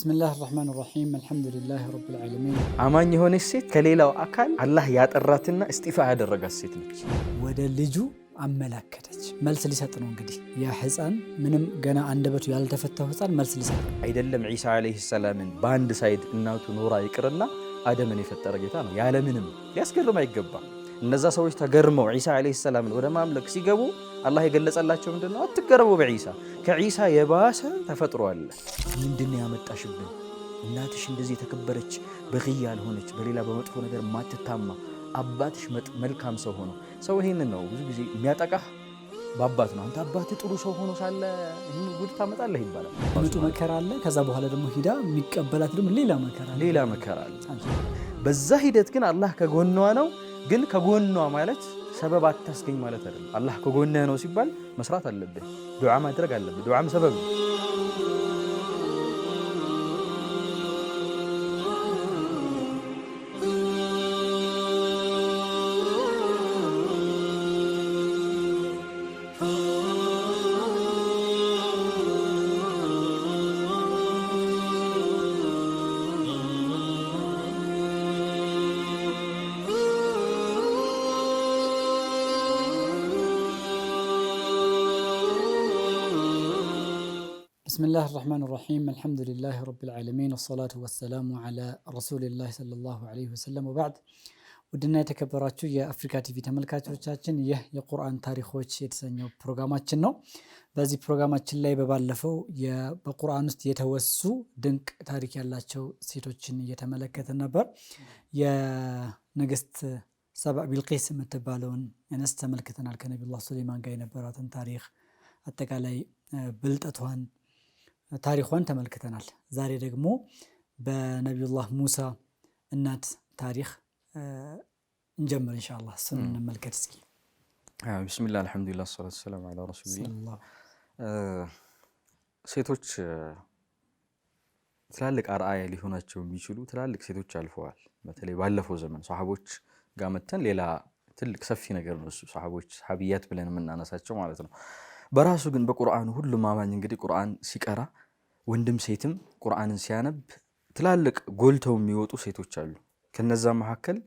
ብስምላህ ራህማን ራሒም አልሐምዱሊላህ ረብል ዓለሚን። አማኝ የሆነች ሴት ከሌላው አካል አላህ ያጠራትና እስጢፋ ያደረጋት ሴት ነች። ወደ ልጁ አመላከተች። መልስ ሊሰጥ ነው እንግዲህ ያ ሕፃን ምንም ገና አንደበቱ ያልተፈታው ህፃን መልስ ሊሰጥ ነው አይደለም። ዒሳ ዓለይሂ ሰላምን በአንድ ሳይድ እናቱ ኖራ ይቅርና አደምን የፈጠረ ጌታ ነው ያለምንም ሊያስገርም አይገባም። እነዛ ሰዎች ተገርመው ዒሳ ዓለይሂ ሰላምን ወደ ማምለክ ሲገቡ አላህ የገለጸላቸው ምንድን ነው? አትገረሙ በዒሳ ከዒሳ የባሰ ተፈጥሮ አለ። ምንድን ያመጣሽብን? እናትሽ እንደዚህ የተከበረች በቅያ ያልሆነች በሌላ በመጥፎ ነገር ማትታማ፣ አባትሽ መልካም ሰው ሆኖ ሰው ይህን ነው ብዙ ጊዜ የሚያጠቃህ በአባት ነው። አንተ አባት ጥሩ ሰው ሆኖ ሳለ ይህን ጉድ ታመጣለህ ይባላል። ምጡ መከራ አለ። ከዛ በኋላ ደግሞ ሂዳ የሚቀበላት ደግሞ ሌላ መከራ ሌላ መከራ አለ። በዛ ሂደት ግን አላህ ከጎኗ ነው። ግን ከጎኗ ማለት ሰበብ አታስገኝ ማለት አይደለም። አላህ ከጎንህ ነው ሲባል መስራት አለብህ፣ ዱዓ ማድረግ አለብህ። ዱዓም ሰበብ ነው። بسم الله الرحمن الرحيم الحمد لله رب العالمين والصلاة والسلام على رسول الله صلى الله عليه وسلم وبعد ውድና የተከበራችሁ የአፍሪካ ቲቪ ተመልካቾቻችን ይህ የቁርአን ታሪኮች የተሰኘው ፕሮግራማችን ነው። በዚህ ፕሮግራማችን ላይ በባለፈው በቁርአን ውስጥ የተወሱ ድንቅ ታሪክ ያላቸው ሴቶችን እየተመለከትን ነበር። የንግስት ሳባ ቢልቂስ የምትባለውን እንስት ተመልክተናል። ከነቢዩላህ ሱሌማን ጋር የነበራትን ታሪክ አጠቃላይ ብልጠቷን ታሪኳን ተመልክተናል። ዛሬ ደግሞ በነቢዩላህ ሙሳ እናት ታሪክ እንጀምር እንሻላ እሱን እንመልከት እስኪ። ቢስሚላ አልሐምዱሊላ ሰላት ሰላም አላ ረሱሉላ። ሴቶች ትላልቅ አርአያ ሊሆናቸው የሚችሉ ትላልቅ ሴቶች አልፈዋል። በተለይ ባለፈው ዘመን ሰሓቦች ጋር መተን ሌላ ትልቅ ሰፊ ነገር ነው እሱ። ሰሓቦች ብለን የምናነሳቸው ማለት ነው። በራሱ ግን በቁርአኑ ሁሉም አማኝ እንግዲህ ቁርአን ሲቀራ ወንድም ሴትም ቁርአንን ሲያነብ ትላልቅ ጎልተው የሚወጡ ሴቶች አሉ። ከነዛ መካከል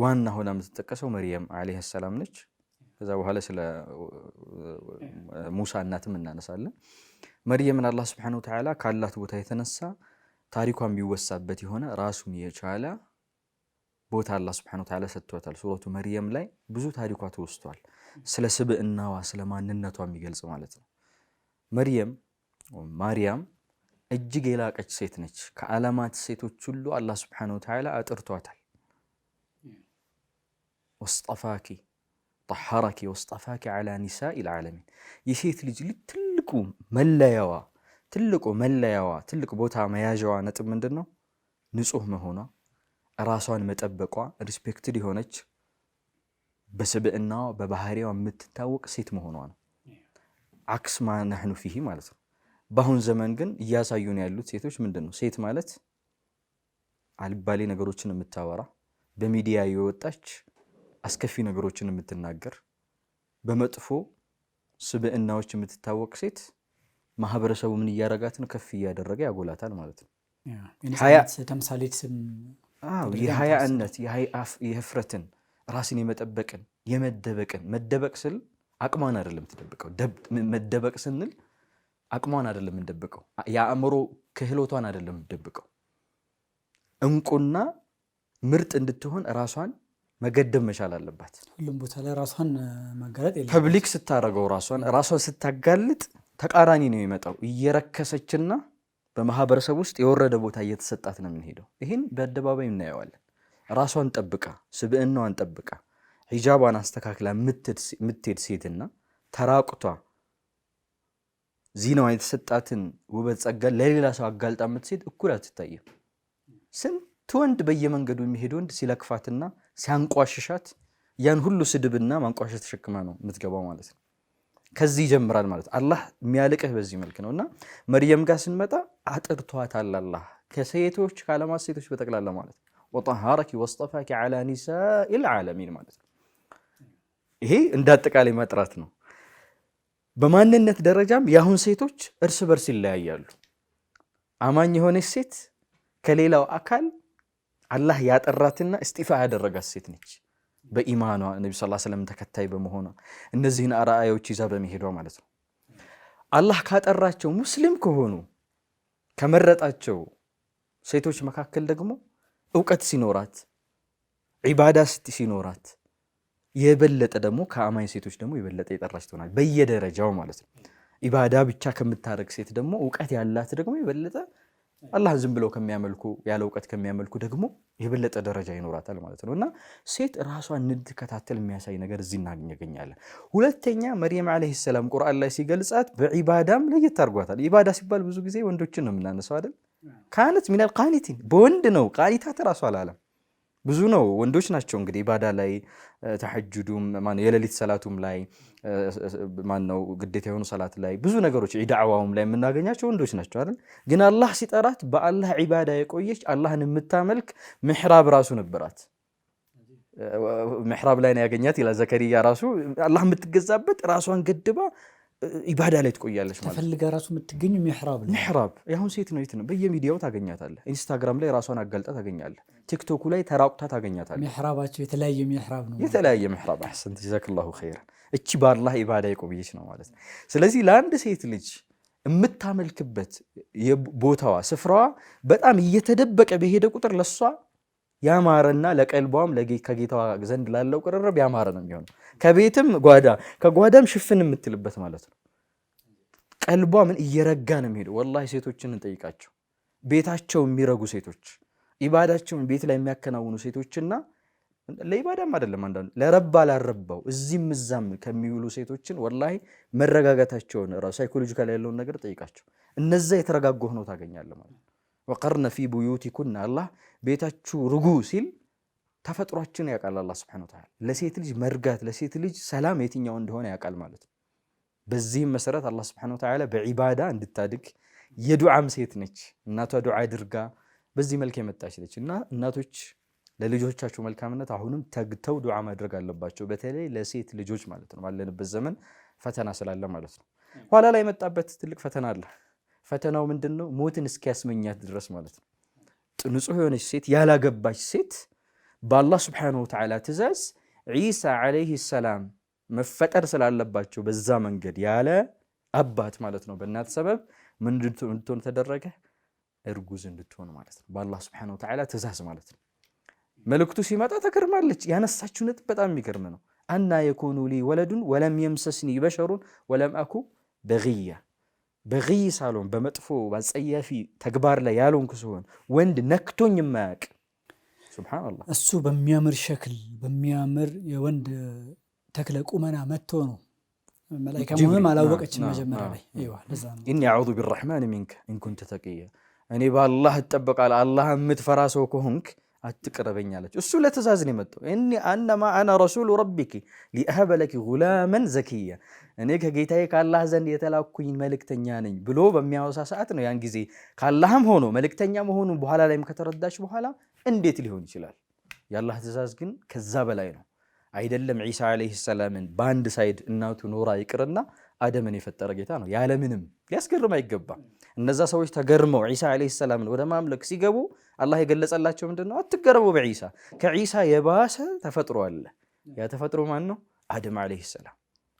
ዋና ሆና የምትጠቀሰው መርየም ዓለይሃ ሰላም ነች። ከዛ በኋላ ስለ ሙሳ እናትም እናነሳለን። መርየምን አላህ ስብሐነሁ ወተዓላ ካላት ቦታ የተነሳ ታሪኳ የሚወሳበት የሆነ ራሱን የቻለ ቦታ አላህ ስብሐነሁ ወተዓላ ሰጥቷታል። ሱረቱ መርየም ላይ ብዙ ታሪኳ ተወስቷል። ስለ ስብዕናዋ፣ ስለ ማንነቷ የሚገልጽ ማለት ነው መርየም ማርያም እጅግ የላቀች ሴት ነች። ከዓለማት ሴቶች ሁሉ አላህ ስብሓነሁ ወተዓላ አጥርቷታል። ወስጠፋኪ ጠሐረኪ ወስጠፋኪ ዐላ ኒሳኢ ልዓለሚን የሴት ልጅ ትልቁ መለያዋ ትልቁ መለያዋ ትልቅ ቦታ መያዣዋ ነጥብ ምንድን ነው? ንጹህ መሆኗ፣ ራሷን መጠበቋ፣ ሪስፔክትድ የሆነች በስብዕናዋ በባህሪዋ የምትታወቅ ሴት መሆኗ ነው። አክስ ማ ነሕኑ ፊሂ ማለት ነው። በአሁን ዘመን ግን ነው ያሉት ሴቶች ምንድን ነው? ሴት ማለት አልባሌ ነገሮችን የምታወራ በሚዲያ የወጣች አስከፊ ነገሮችን የምትናገር በመጥፎ ስብዕናዎች የምትታወቅ ሴት ማህበረሰቡ ምን እያረጋት ነው? ከፍ እያደረገ ያጎላታል ማለት ነው። የሀያነት የህፍረትን፣ ራስን የመጠበቅን፣ የመደበቅን መደበቅ ስል አቅሟን አይደለም የምትደብቀው። መደበቅ ስንል አቅሟን አይደለም እንደብቀው፣ የአእምሮ ክህሎቷን አይደለም እንደብቀው። እንቁና ምርጥ እንድትሆን ራሷን መገደብ መቻል አለባት። ሁሉም ቦታ ላይ ራሷን መጋለጥ የለም። ፐብሊክ ስታደርገው ራሷን ራሷን ስታጋልጥ ተቃራኒ ነው የሚመጣው። እየረከሰችና በማህበረሰብ ውስጥ የወረደ ቦታ እየተሰጣት ነው የምንሄደው። ይህን በአደባባይ እናየዋለን። ራሷን ጠብቃ ስብዕናዋን ጠብቃ ሂጃቧን አስተካክላ የምትሄድ ሴትና ተራቁቷ ዚናዋ የተሰጣትን ውበት ጸጋ ለሌላ ሰው አጋልጣ የምትሄድ እኩል አትታይም። ስንት ወንድ በየመንገዱ የሚሄድ ወንድ ሲለክፋትና ሲያንቋሽሻት ያን ሁሉ ስድብና ማንቋሸሽ ተሸክማ ነው የምትገባው ማለት ነው። ከዚህ ይጀምራል ማለት አላህ የሚያልቅህ በዚህ መልክ ነው እና መርየም ጋር ስንመጣ አጥርቷታል አላህ ከሴቶች ከዓለማት ሴቶች በጠቅላላ ማለት ወጠሃረኪ ወስጠፋኪ ዓላ ኒሳኢል ዓለሚን ማለት ነው። ይሄ አጠቃላይ መጥራት ነው። በማንነት ደረጃም የአሁን ሴቶች እርስ በርስ ይለያያሉ። አማኝ የሆነች ሴት ከሌላው አካል አላህ ያጠራትና እስጢፋ ያደረጋት ሴት ነች። በኢማኗ ነቢ ስ ስለም ተከታይ በመሆኗ እነዚህን አርአያዎች ይዛ በመሄዷ ማለት ነው። አላህ ካጠራቸው ሙስሊም ከሆኑ ከመረጣቸው ሴቶች መካከል ደግሞ እውቀት ሲኖራት ዒባዳ ሲኖራት የበለጠ ደግሞ ከአማኝ ሴቶች ደግሞ የበለጠ የጠራች ትሆናል፣ በየደረጃው ማለት ነው። ኢባዳ ብቻ ከምታደርግ ሴት ደግሞ እውቀት ያላት ደግሞ የበለጠ አላህን ዝም ብለው ከሚያመልኩ ያለ እውቀት ከሚያመልኩ ደግሞ የበለጠ ደረጃ ይኖራታል ማለት ነው። እና ሴት ራሷን እንድትከታተል የሚያሳይ ነገር እዚህ እናገኛለን። ሁለተኛ መርየም ዓለይሂ ሰላም ቁርአን ላይ ሲገልጻት በኢባዳም ለየት አድርጓታል። ኢባዳ ሲባል ብዙ ጊዜ ወንዶችን ነው የምናነሳው አይደል? ካነት ሚናል ቃኒቲን በወንድ ነው ቃኒታት ራሷ አላለም ብዙ ነው። ወንዶች ናቸው እንግዲህ ኢባዳ ላይ ተሐጁዱም ማነው የሌሊት ሰላቱም ላይ ማነው ግዴታ የሆኑ ሰላት ላይ ብዙ ነገሮች ዳዕዋውም ላይ የምናገኛቸው ወንዶች ናቸው አይደል? ግን አላህ ሲጠራት በአላህ ዒባዳ የቆየች አላህን የምታመልክ ምሕራብ ራሱ ነበራት። ምሕራብ ላይ ነው ያገኛት ይላል ዘከሪያ ራሱ አላህ የምትገዛበት ራሷን ገድባ ኢባዳ ላይ ትቆያለች ማለት ተፈልገ ራሱ የምትገኝ ምሕራብ ነው። ምሕራብ ያሁን ሴት ነው የት ነው በየሚዲያው ታገኛታለህ። ኢንስታግራም ላይ ራሷን አጋልጣ ታገኛለህ። ቲክቶኩ ላይ ተራቁታ ታገኛታለህ። ምሕራባቸው የተለያየ ምሕራብ ነው። የተለያየ ምሕራብ አሕሰንት ጀዛከላሁ ኸይረን። እቺ ባላህ ኢባዳ የቆየች ነው ማለት ነው። ስለዚህ ለአንድ ሴት ልጅ የምታመልክበት ቦታዋ ስፍራዋ በጣም እየተደበቀ በሄደ ቁጥር ለሷ ያማረና ለቀልቧም ከጌታዋ ዘንድ ላለው ቅርርብ ያማረ ነው የሚሆነው። ከቤትም ጓዳ ከጓዳም ሽፍን የምትልበት ማለት ነው። ቀልቧ ምን እየረጋ ነው የሚሄደው። ወላሂ ሴቶችን እንጠይቃቸው። ቤታቸው የሚረጉ ሴቶች፣ ኢባዳቸውን ቤት ላይ የሚያከናውኑ ሴቶችና ለኢባዳም አይደለም አንዳንዱ ለረባ ላረባው እዚህም እዛም ከሚውሉ ሴቶችን ወላሂ መረጋጋታቸውን ራሱ ሳይኮሎጂካል ያለውን ነገር ጠይቃቸው። እነዛ የተረጋጉ ሆነው ታገኛለህ ማለት ነው። ወቀርነ ፊ ቡዩቲኩና አላህ ቤታችሁ ርጉ ሲል ተፈጥሯችን ያውቃል። አላህ ሱብሓነሁ ወተዓላ ለሴት ልጅ መርጋት ለሴት ልጅ ሰላም የትኛው እንደሆነ ያውቃል ማለት ነው። በዚህም መሰረት አላህ ሱብሓነሁ ወተዓላ በዒባዳ እንድታድግ የዱዓም ሴት ነች። እናቷ ዱዓ አድርጋ በዚህ መልክ የመጣች ነች እና እናቶች ለልጆቻቸው መልካምነት አሁንም ተግተው ዱዓ ማድረግ አለባቸው። በተለይ ለሴት ልጆች ማለት ነው። ባለንበት ዘመን ፈተና ስላለ ማለት ነው። ኋላ ላይ የመጣበት ትልቅ ፈተና አለ። ፈተናው ምንድን ነው? ሞትን እስኪያስመኛት ድረስ ማለት ነው። ንጹሕ የሆነች ሴት ያላገባች ሴት በአላህ ስብሓነሁ ወተዓላ ትእዛዝ ዒሳ ዓለይሂ ሰላም መፈጠር ስላለባቸው በዛ መንገድ ያለ አባት ማለት ነው በእናት ሰበብ ምን እንድትሆን ተደረገ? እርጉዝ እንድትሆን ማለት ነው። በአላህ ስብሓነሁ ወተዓላ ትእዛዝ ማለት ነው። መልእክቱ ሲመጣ ተገርማለች። ያነሳችው ነጥብ በጣም የሚገርም ነው። አና የኩኑ ሊ ወለዱን ወለም የምሰስኒ በሸሩን ወለም አኩ በግያ በይ ሳልሆን በመጥፎ በአጸያፊ ተግባር ላይ ያልሆንኩ ስሆን ወንድ ነክቶኝ የማያውቅ ሱብሃነላህ። እሱ በሚያምር ሸክል በሚያምር የወንድ ተክለ ቁመና መጥቶ ነው መላኢካ መሆኑን አላወቀችም መጀመሪያ ላይ። ኢኒ አዑዙ ቢረሕማን ሚንከ ኢን ኩንተ እኔ በአላህ እጠበቃለሁ አላህ የምትፈራ ሰው ከሆንክ አትቅረበኝ አለች። እሱ ለትእዛዝ ነው የመጣው። እኒ አነማ አነ ረሱሉ ረቢኪ ሊአህበ ለኪ ጉላመን ዘኪያ፣ እኔ ከጌታዬ ከአላህ ዘንድ የተላኩኝ መልእክተኛ ነኝ ብሎ በሚያወሳ ሰዓት ነው። ያን ጊዜ ከአላህም ሆኖ መልእክተኛ መሆኑ በኋላ ላይም ከተረዳች በኋላ እንዴት ሊሆን ይችላል? የአላህ ትእዛዝ ግን ከዛ በላይ ነው። አይደለም ዒሳ ዓለይሂ ሰላምን በአንድ ሳይድ እናቱ ኖራ ይቅርና አደምን የፈጠረ ጌታ ነው ያለምንም። ሊያስገርም አይገባም። እነዛ ሰዎች ተገርመው ዒሳ ዓለይሂ ሰላምን ወደ ማምለክ ሲገቡ አላህ የገለጸላቸው ምንድን ነው? አትገረሙ በዒሳ ከዒሳ የባሰ ተፈጥሮ አለ። ያ ተፈጥሮ ማን ነው? አደም ዓለይሂ ሰላም።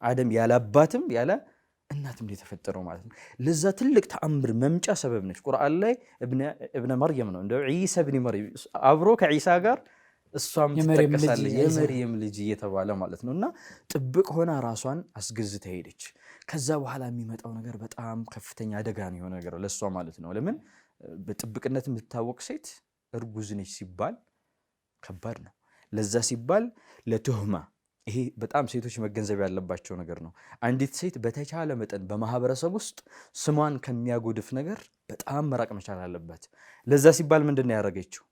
አደም ያለ አባትም ያለ እናትም የተፈጠረው ማለት ነው። ለዛ ትልቅ ተአምር መምጫ ሰበብ ነች። ቁርአን ላይ እብነ መርየም ነው እንደ ዒሳ ብኒ መርየም አብሮ ከዒሳ ጋር እሷም ትጠቀሳለች የመርየም ልጅ እየተባለ ማለት ነው። እና ጥብቅ ሆና ራሷን አስገዝታ ሄደች። ከዛ በኋላ የሚመጣው ነገር በጣም ከፍተኛ አደጋ ነው የሆነ ነገር ለእሷ ማለት ነው። ለምን በጥብቅነት የምትታወቅ ሴት እርጉዝ ነች ሲባል ከባድ ነው። ለዛ ሲባል ለትህማ ይሄ በጣም ሴቶች መገንዘብ ያለባቸው ነገር ነው። አንዲት ሴት በተቻለ መጠን በማህበረሰብ ውስጥ ስሟን ከሚያጎድፍ ነገር በጣም መራቅ መቻል አለባት። ለዛ ሲባል ምንድን ነው ያደረገችው?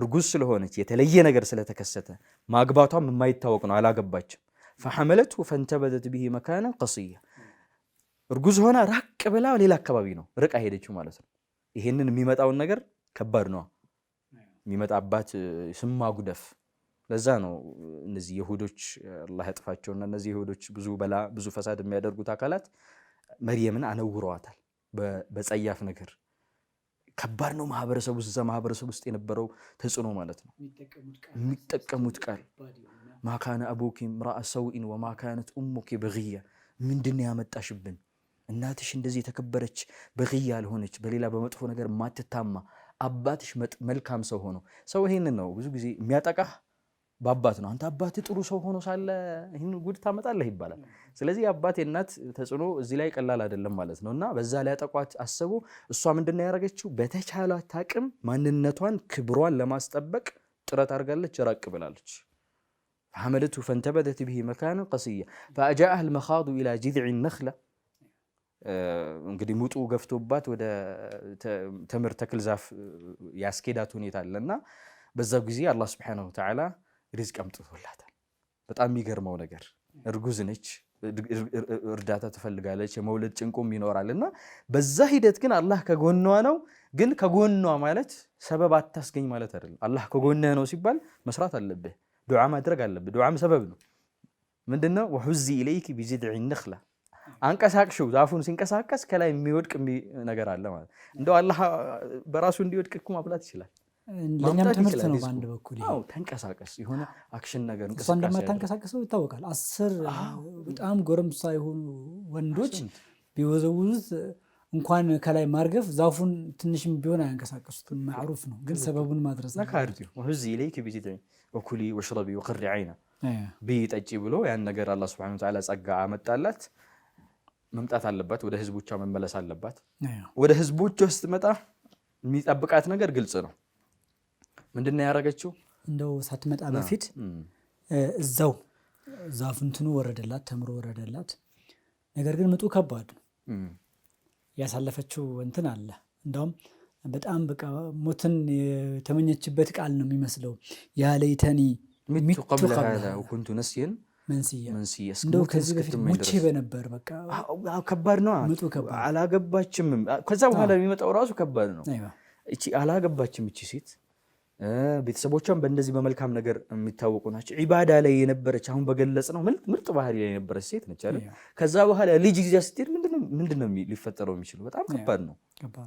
እርጉዝ ስለሆነች የተለየ ነገር ስለተከሰተ ማግባቷም የማይታወቅ ነው፣ አላገባችም። ፈሐመለት ፈንተበደት ብሄ መካነን ቀስያ እርጉዝ ሆና ራቅ ብላ ሌላ አካባቢ ነው ርቃ ሄደችው ማለት ነው። ይሄንን የሚመጣውን ነገር ከባድ ነው የሚመጣባት ስማጉደፍ ለዛ ነው እነዚህ የሁዶች አላህ ያጥፋቸውና እነዚህ የሁዶች ብዙ በላ ብዙ ፈሳድ የሚያደርጉት አካላት መርየምን አነውረዋታል በጸያፍ ነገር። ከባድ ነው ማህበረሰቡ እዛ ማህበረሰብ ውስጥ የነበረው ተጽዕኖ ማለት ነው። የሚጠቀሙት ቃል ማካነ አቡኪ ምራአ ሰውኢን ወማካነት ኡሙኪ በግያ ምንድን ያመጣሽብን እናትሽ እንደዚህ የተከበረች በቅያ ያልሆነች በሌላ በመጥፎ ነገር ማትታማ አባትሽ መልካም ሰው ሆኖ ሰው ይሄንን ነው ብዙ ጊዜ የሚያጠቃህ በአባት ነው። አንተ አባት ጥሩ ሰው ሆኖ ሳለ ይህን ጉድ ታመጣለህ ይባላል። ስለዚህ የአባት የእናት ተጽዕኖ እዚህ ላይ ቀላል አይደለም ማለት ነው እና በዛ ላይ ያጠቋት አሰቡ። እሷ ምንድን ያደረገችው በተቻላት አቅም ማንነቷን፣ ክብሯን ለማስጠበቅ ጥረት አድርጋለች፣ ራቅ ብላለች። ሐመለቱ ፈንተበተት ብሂ መካንን ቀስያ ፈአጃአህ ልመኻዱ ኢላ ጅዝዕ ነኽላ እንግዲህ ሙጡ ገፍቶባት ወደ ተምር ተክል ዛፍ ያስኬዳት ሁኔታ አለ እና በዛ ጊዜ አላህ ስብሓነሁ ተዓላ ሪዝቅ አምጥቶላታል። በጣም የሚገርመው ነገር እርጉዝ ነች፣ እርዳታ ትፈልጋለች፣ የመውለድ ጭንቁም ይኖራል እና በዛ ሂደት ግን አላህ ከጎኗ ነው። ግን ከጎኗ ማለት ሰበብ አታስገኝ ማለት አይደለም። አላህ ከጎንህ ነው ሲባል መስራት አለብህ፣ ዱዓ ማድረግ አለብህ። ዱዓም ሰበብ ነው። ምንድነው? ወሑዚ ኢለይኪ ቢጅድዒ ነኽላ አንቀሳቅሽው ዛፉን ሲንቀሳቀስ ከላይ የሚወድቅ ነገር አለ ማለት እንደው አላህ በራሱ እንዲወድቅ እኮ ማብላት ይችላል። ለእኛም ትምህርት ነው በአንድ በኩል ተንቀሳቀስ፣ የሆነ አክሽን ነገር እሷ እንደማታንቀሳቀሰው ይታወቃል። አስር በጣም ጎረምሳ የሆኑ ወንዶች ቢወዘውዙት እንኳን ከላይ ማርገፍ ዛፉን ትንሽም ቢሆን አያንቀሳቀሱት። ማዕሩፍ ነው ግን ሰበቡን ማድረስ ነካርዚ ለይክ ቢዚ ወሽረቢ ወቅሪ አይና ብይ ጠጪ ብሎ ያን ነገር አላህ ሱብሓነሁ ወተዓላ ጸጋ አመጣላት። መምጣት አለባት። ወደ ህዝቦቿ መመለስ አለባት። ወደ ህዝቦቿ ስትመጣ የሚጠብቃት ነገር ግልጽ ነው። ምንድን ነው ያደረገችው? እንደው ሳትመጣ በፊት እዛው ዛፍ እንትኑ ወረደላት፣ ተምሮ ወረደላት። ነገር ግን ምጡ ከባድ ነው። ያሳለፈችው እንትን አለ እንዳውም በጣም በቃ ሞትን የተመኘችበት ቃል ነው የሚመስለው ያለይተኒ ሚቱ ቀብለ ኩንቱ ነስየን መንስያ እንደው ከዚህ በፊት ሙቼ በነበር በቃ ከባድ ነው። አላገባችም። ከዛ በኋላ የሚመጣው ራሱ ከባድ ነው። እቺ አላገባችም እቺ ሴት ቤተሰቦቿን በእንደዚህ በመልካም ነገር የሚታወቁ ናቸው። ዒባዳ ላይ የነበረች አሁን በገለጽ ነው ምርጥ ባህሪ ላይ የነበረች ሴት ነች አይደል? ከዛ በኋላ ልጅ ጊዜ ስትሄድ ምንድነው ሊፈጠረው የሚችሉ? በጣም ከባድ ነው።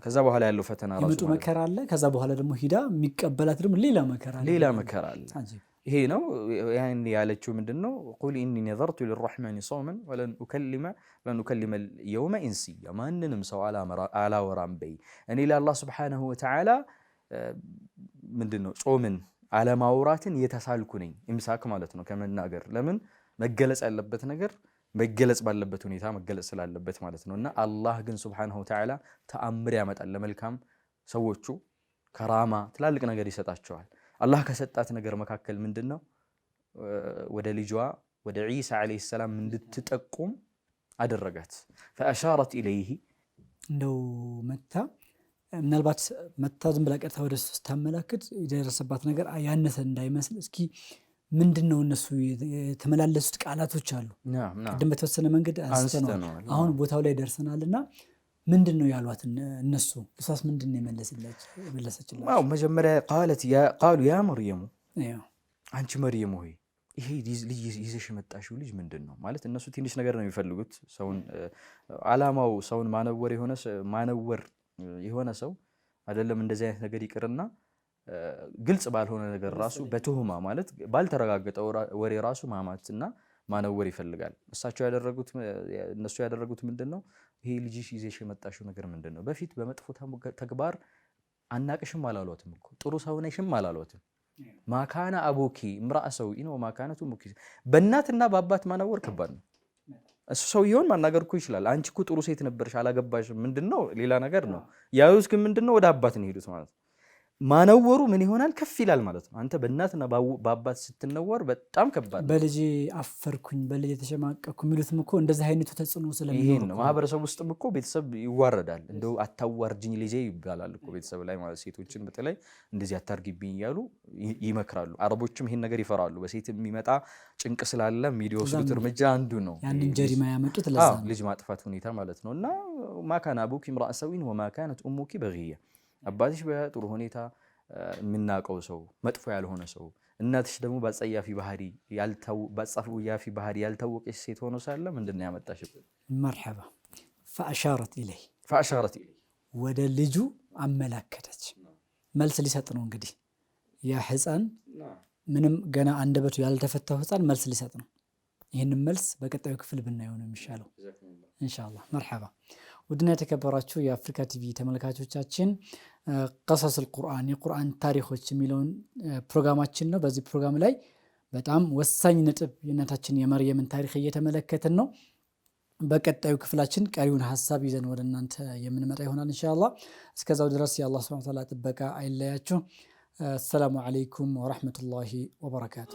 ከዛ በኋላ ያለው ፈተና ራሱ መከራ አለ። ከዛ በኋላ ደግሞ ሂዳ የሚቀበላት ደግሞ ሌላ መከራ ሌላ መከራ አለ። ይሄ ነው ያኔ ያለችው ምንድን ነው? ቁል ኢኒ ነዘርቱ ሊራሕማን ሰውመን ወለን ኡከሊመ የውመ ኢንስያ ማንንም ሰው አላወራም በይ እኔ ለአላህ ስብሓነሁ ወተዓላ ምንድን ነው ጾምን አለማውራትን የተሳልኩ ነኝ። ኢምሳክ ማለት ነው ከመናገር ለምን መገለጽ ያለበት ነገር መገለጽ ባለበት ሁኔታ መገለጽ ስላለበት ማለት ነው። እና አላህ ግን ስብሓነሁ ወተዓላ ተአምር ያመጣል ለመልካም ሰዎቹ ከራማ ትላልቅ ነገር ይሰጣቸዋል። አላህ ከሰጣት ነገር መካከል ምንድን ነው ወደ ልጇ ወደ ዒሳ ዓለይሂ ሰላም እንድትጠቁም አደረጋት። ፈአሻረት ኢለይሂ እንደው መታ ምናልባት መታ ዝም ብላ ቀርታ ወደ እሱ ስታመላክት የደረሰባት ነገር ያነሰ እንዳይመስል እስኪ ምንድን ነው እነሱ የተመላለሱት ቃላቶች አሉ። ቅድም በተወሰነ መንገድ አንስተነዋል። አሁን ቦታው ላይ ደርሰናልና ምንድን ነው ያሏት እነሱ? እሷስ ምንድን ነው የመለሰችላቸው? መጀመሪያ ቃሉ ያ መርየሙ፣ አንቺ መርየሙ ሆይ ይሄ ልጅ ይዘሽ የመጣሽው ልጅ ምንድን ነው ማለት። እነሱ ትንሽ ነገር ነው የሚፈልጉት። ሰውን አላማው ሰውን ማነወር ማነወር የሆነ ሰው አይደለም። እንደዚህ አይነት ነገር ይቅርና ግልጽ ባልሆነ ነገር ራሱ በትሁማ ማለት ባልተረጋገጠው ወሬ ራሱ ማማትና ማነወር ይፈልጋል። እሳቸው ያደረጉት እነሱ ያደረጉት ምንድን ነው ይሄ ልጅሽ ይዘሽ የመጣሽው ነገር ምንድን ነው? በፊት በመጥፎ ተግባር አናቅሽም አላሏትም እኮ ጥሩ ሰው ነሽም አላሏትም። ማካነ አቡኪ ምራ ሰው ሰውኢን ማካነቱ ሙኪ። በእናትና በአባት ማናወር ከባድ ነው። እሱ ሰው ሰውየውን ማናገር እኮ ይችላል። አንቺ እኮ ጥሩ ሴት ነበርሽ አላገባሽም፣ ምንድን ነው ሌላ ነገር ነው ያዩት። ግን ምንድን ነው ወደ አባት ነው የሄዱት ማለት ነው ማነወሩ ምን ይሆናል? ከፍ ይላል ማለት ነው። አንተ በእናትና በአባት ስትነወር በጣም ከባድ። በልጅ አፈርኩኝ፣ በልጅ የተሸማቀኩ የሚሉትም እኮ እንደዚህ አይነቱ ተጽዕኖ ስለሚኖር ነው። ማህበረሰብ ውስጥም እኮ ቤተሰብ ይዋረዳል። እንደው አታዋርጅኝ ልጄ ይባላል እኮ ቤተሰብ ላይ ማለት ሴቶችን በተለይ እንደዚህ አታርጊብኝ እያሉ ይመክራሉ። አረቦችም ይሄን ነገር ይፈራሉ። በሴት የሚመጣ ጭንቅ ስላለ የሚወስዱት እርምጃ አንዱ ነው። ያንን ጀሪማ ያመጡት ልጅ ማጥፋት ሁኔታ ማለት ነው። እና ማካና አቡኪ ምራእሰዊን ወማካነት ኡሙኪ በግያ አባትሽ በጥሩ ሁኔታ የምናውቀው ሰው መጥፎ ያልሆነ ሰው፣ እናትሽ ደግሞ በጸያፊ ባህሪ በጸያፊ ባህሪ ያልታወቀች ሴት ሆኖ ሳለ ምንድን ነው ያመጣሽብን? መርሐባ ፈአሻረት ኢለይ ፈአሻረት ኢለይ ወደ ልጁ አመላከተች። መልስ ሊሰጥ ነው እንግዲህ ያ ህፃን፣ ምንም ገና አንደበቱ ያልተፈታው ህፃን መልስ ሊሰጥ ነው። ይህንን መልስ በቀጣዩ ክፍል ብናየው ነው የሚሻለው እንሻላ መርሐባ ውድና የተከበራችሁ የአፍሪካ ቲቪ ተመልካቾቻችን ቀሰስል ቁርአን የቁርአን ታሪኮች የሚለውን ፕሮግራማችን ነው። በዚህ ፕሮግራም ላይ በጣም ወሳኝ ነጥብ የእናታችን የመርየምን ታሪክ እየተመለከትን ነው። በቀጣዩ ክፍላችን ቀሪውን ሀሳብ ይዘን ወደ እናንተ የምንመጣ ይሆናል እንሻላ እስከዛው ድረስ የአላህ ሱብሓነሁ ወተዓላ ጥበቃ አይለያችሁ። አሰላሙ ዓለይኩም ወረሕመቱላሂ ወበረካቱ።